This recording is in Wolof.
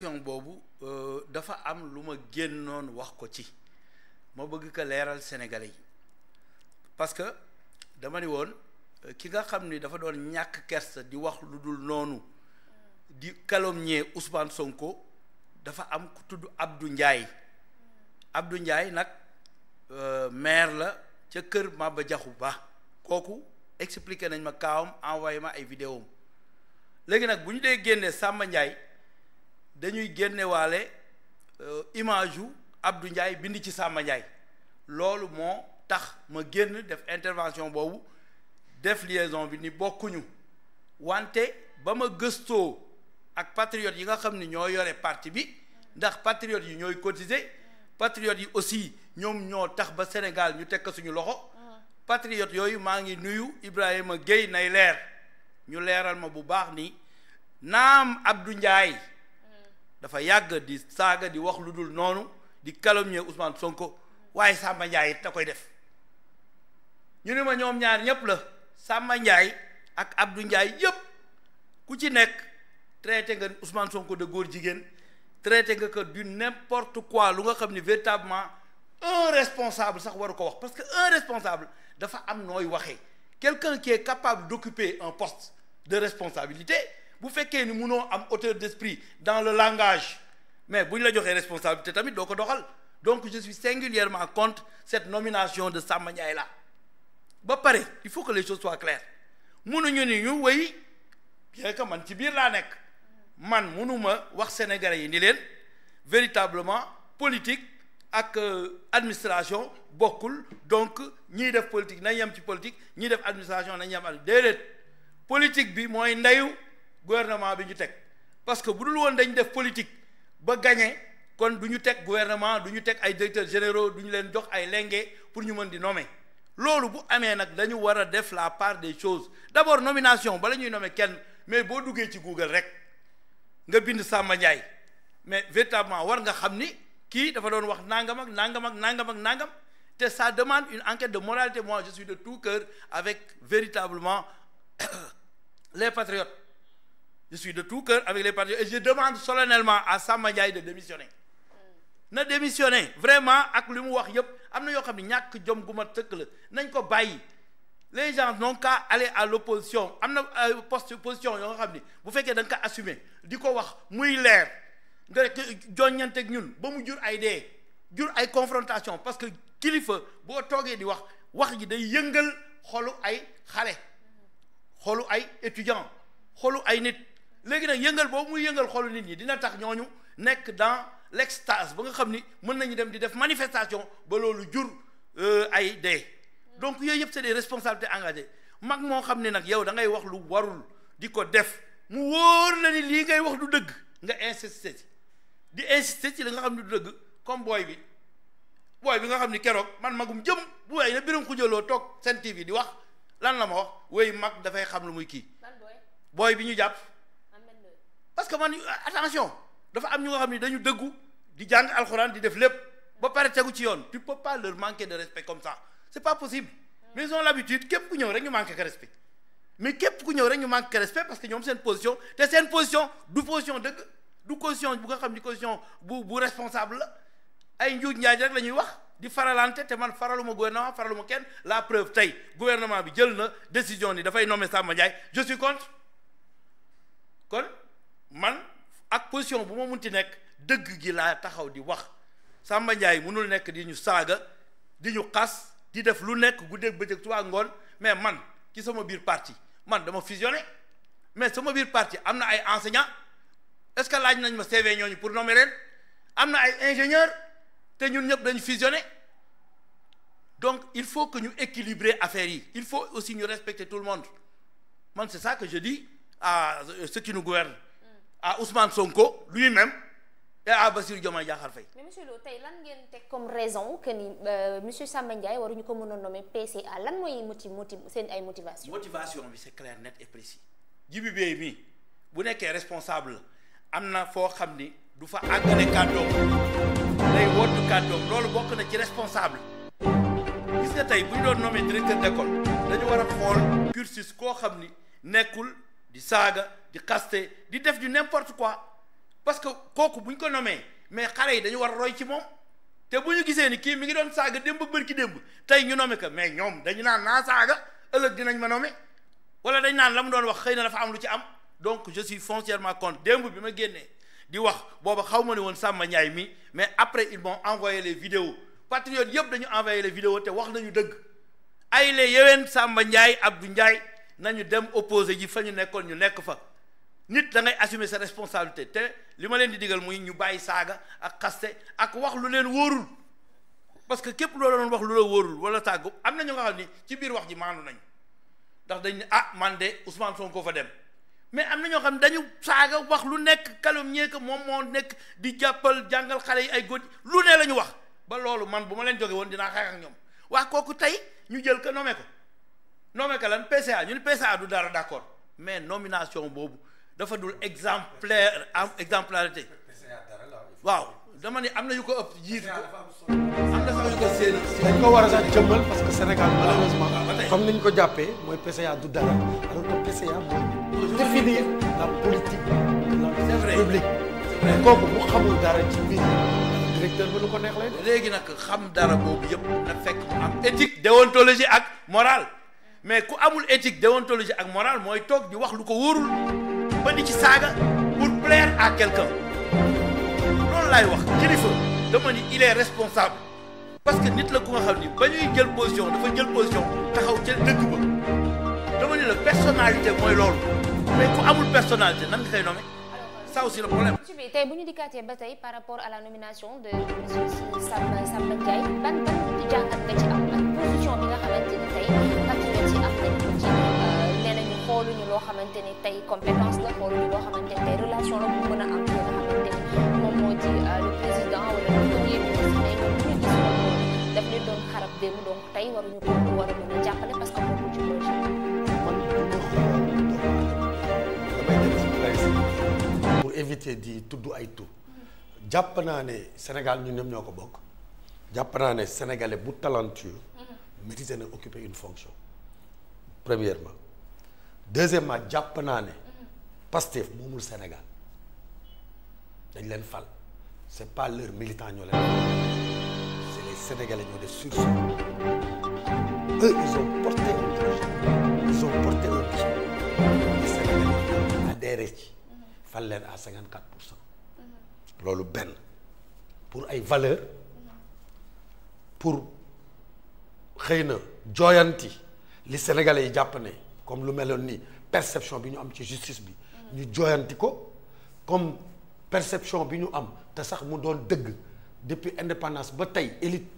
question boobu euh, dafa am lu ma génn noonu wax ko ci ma bëgg ko leeral Sénégalais yi parce que dama ni woon euh, ki nga xam ni dafa doon ñàkk kersa di wax lu dul noonu di calomnier Ousmane Sonko dafa am ku tudd Abdou njaay abdu njaay nag euh, maire la ca kër Maba Diakhou Ba kooku expliqué nañ ma kaawam envoyé ma ay vidéo léegi nag bu ñu dee génnee sàmma Ndiaye dañuy génnewaale euh, image yu Abdou njaay bind ci Samba Ndiaye loolu moo tax ma génn def intervention boobu def liaison bi ni bokkuñu wante ba ma gëstoo ak patriotes yi nga xam ni ñoo yore parti bi ndax patriotes yi ñooy cotiser patriotes yi aussi ñoom ñoo tax ba Sénégal ñu teg suñu loxo patriotes yooyu maa ngi nuyu Ibrahima Guèye nay leer ñu leeral ma bu baax ni naam Abdou njaay dafa yàgg di saaga di wax lu dul noonu di calomnier Ousmane Sonko waaye Samba Ndiaye it da koy def ñu ne ma ñoom ñaar ñépp la sàmma Ndiaye ak Abdou Ndiaye yëpp ku ci nekk traité nga Ousmane Sonko de góor jigéen traité nga que du n'importe quoi lu nga xam ni véritablement un responsable sax waru ko wax parce que un responsable dafa am nooy waxee quelqu'un qui est capable d'occuper un post de responsabilité bu fekkee ni munoo am hauteur d'esprit dans le langage mais bu ñu la joxee responsabilité tamit doo ko doxal donc je suis singulièrement contre cette nomination de Samba Ndiaye la ba pare il faut que les choses soient claires munuñu ni ñu wéy bien que man ci biir laa nekk man munuma wax sénégalais yi ni leen véritablement politique ak euh, administration bokkul donc ñiy def politique nañ yem ci politique ñiy def administration nañ yem déedéet politique bi mooy ndeyu gouvernement bi ñu teg parce que bu dul woon dañ def politique ba gagné kon du ñu teg gouvernement du ñu teg ay directeurs généraux du ñu leen jox ay lenge pour ñu mën di nommer loolu bu amee nag dañu war a def la part des choses d'abord nomination bala ñuy nommer kenn mais boo duggee ci Google rek nga bind sàmma Ndiaye mais véritablement war nga xam ni kii dafa doon wax nangam ak nangam ak nangam nangam te sa demande une enquête de moralité moi je suis de tout cœur avec véritablement les patriotes je suis de tout cœur avec les partis et je demande solennellement à Samba Ndiaye de démissionner na démissionner vraiment ak li mu wax yëpp am na yoo xam ne ñàkk jom gu ma tëkk la nañ ko bàyyi les gens n'ont qu'à aller à l'opposition am na euh, post position yoo nga xam ni bu fekkee da nga ko assumer di ko wax muy leer nga rek joññante ak ñun ba mu jur ay dee jur ay confrontation parce que kilifa boo toogee di wax wax ji day yëngal xolu ay xale xolu ay étudiant xolu ay nit léegi nag yëngal boobu muy yëngal xolu nit ñi dina tax ñooñu nekk dans l'extase ba nga xam ni mën nañu dem di def manifestation ba loolu jur euh, ay dee donc yooyu yëpp c'est des responsabilités engagées mag moo xam ne nag yow da ngay wax lu warul di ko def mu wóor la ni lii ngay wax du dëgg nga insister ci di insister si li nga xam ni du dëgg comme booy bi booy bi nga xam ni keroog man magum jëm bu waay na biram xujaloo toog seen TV di wax lan la ma wax wéy mag dafay xam lu muy kii bi ñu jàpp parce que man attention dafa am ñu nga xam ni dañu dëggu di jàng alxuraan di def lépp ba pare tegu ci yoon tu peux pas leur manquer de respect comme ça c'est pas possible mais ils ont l'habitude képp ku ñëw rek ñu manqué ko respect mais képp ku ñëw rek ñu manqué ko respect parce que ñoom seen position te seen position du position dëgg du position bu nga xam ni position bu bu responsable la ay njuuj njaaj rek la ñuy wax di faralante te man faraluma gouvernement faraluma kenn la preuve tey gouvernement bi jël na décision ni dafay nommer Samba Ndiaye je suis contre kon man ak position bu ma mun munti nekk dëgg gi laa taxaw di wax Samba Ndiaye mënul nekk di ñu saaga di ñu xas di def lu nekk guddeeg bëccëg tubaab ngoon mais man ci sama biir parti man dama fusionné mais sama biir parti am na ay enseignants est-ce que laaj nañ ma CV ñooñu pour nommer am na ay ingénieurs te ñun ñëpp dañu fusionné donc il faut que ñu équilibrer affaire yi il faut aussi ñu respecter tout le monde man c'est ça que je dis à ceux qui nous gouvernent à Ousmane Sonko lui-même et à Bassirou Diomaye Diakhar Faye. mais monsieur tey lan ngeen teg comme raison que ni euh, monsieur Samba Ndiaye ñu ko mën a PCA lan mooy motive motive seen ay motivation motivation bi c'est clair net et précis. mii bu nekkee responsable la am na foo xam ni du fa àggale kàddoom day woddu kàddoom loolu bokk na ci responsable. gis nga tey bu doon nommé directeur d'école dañu war a xool cursus koo xam ni nekkul di saaga. di xaste di def du n'importe quoi parce que kooku bu ñu ko nomee mais xare yi dañu war a roy ci moom te bu ñu gisee ni kii mi ngi doon saaga démb bërki démb tey ñu nome ko mais ñoom dañu naan naa saaga ëllëg dinañ ma nome wala dañ naan la mu doon wax xëy na dafa am lu ci am donc je suis foncièrement contre démb bi ma génnee di wax booba xaw ma ne woon Samba Ndiaye mi mais après ils m'ont envoyé les vidéos patriotes yëpp dañu envoyé les vidéos te wax nañu dëgg ay la yeween Samba Ndiaye Abdou Ndiaye nañu dem opposé ji fa ñu nekkoon ñu nekk fa nit da ngay assumer sa responsabilité te li ma leen di digal muy ñu bàyyi saaga ak xaste ak wax lu leen wóorul parce que képp loo doon wax lu la wóorul wala tàggu am na ñu nga xam ni ci biir wax ji maandu nañ ndax dañu ne ah man de Ousmane ko fa dem mais am na ñoo xam ne dañu saaga wax lu nekk calomnier que moom moo nekk di jàppal jàngal xale yi ay góor lu ne la ñu wax ba loolu man bu ma leen joge woon dinaa xeex ñoom waa kooku tey ñu jël ko no ko nommé ñu ne PCA du dara d'accord mais nomination boobu. dafa dul exemplaire am exemplarité waaw dama ne am na yu ko ëpp jiit ko am na parce que Sénégal malheureusement ah, comme ko jàppee mooy PCA du dara alors que PCA mooy définir kooku mu xamul dara ci ko neex léegi nag xam dara boobu yëpp fekk mu am déontologie ak morale mais ku amul éthique déontologie ak morale mooy toog di wax lu ko wóorul ba di ci saaga pour plaire à quelqu'un loolu laay wax kilifa dama ni il est responsable parce que nit la ku nga xam ni ba ñuy jël position dafa jël position taxaw ca dëgg ba dama ni la personnalité mooy loolu mais ku amul personnalité nan nga koy nommé ça aussi le problème. tey bu ñu dikkaatee ba tey par rapport à la nomination de Samba Samba Ndiaye ban xamante ni daf leen doon xarab démb donc jàppale parce que moom ci projet di tudd ay tur jàpp naa ne Sénégal ñun ñoom ñoo ko bokk jàpp naa ne sénégalais bu talentueux mhm. mérite na occuper une fonction premièrement deuxièmement jàpp naa ne Pastef moomul Sénégal dañ leen fal c'est pas leur militant ñoo leen c'est les ñoo def sursaut eux ils ont porté un ils ont porté un projet les Sénégalais adhéré ci fal leen à cinquante quatre loolu benn pour ay valeur pour xëy na jooyanti li Sénégalais yi jàpp ne comme lu meloon nii perception bi ñu am ci justice bi ñu jooyanti ko comme perception bi ñu am te sax mu doon dëgg depuis indépendance ba tey élite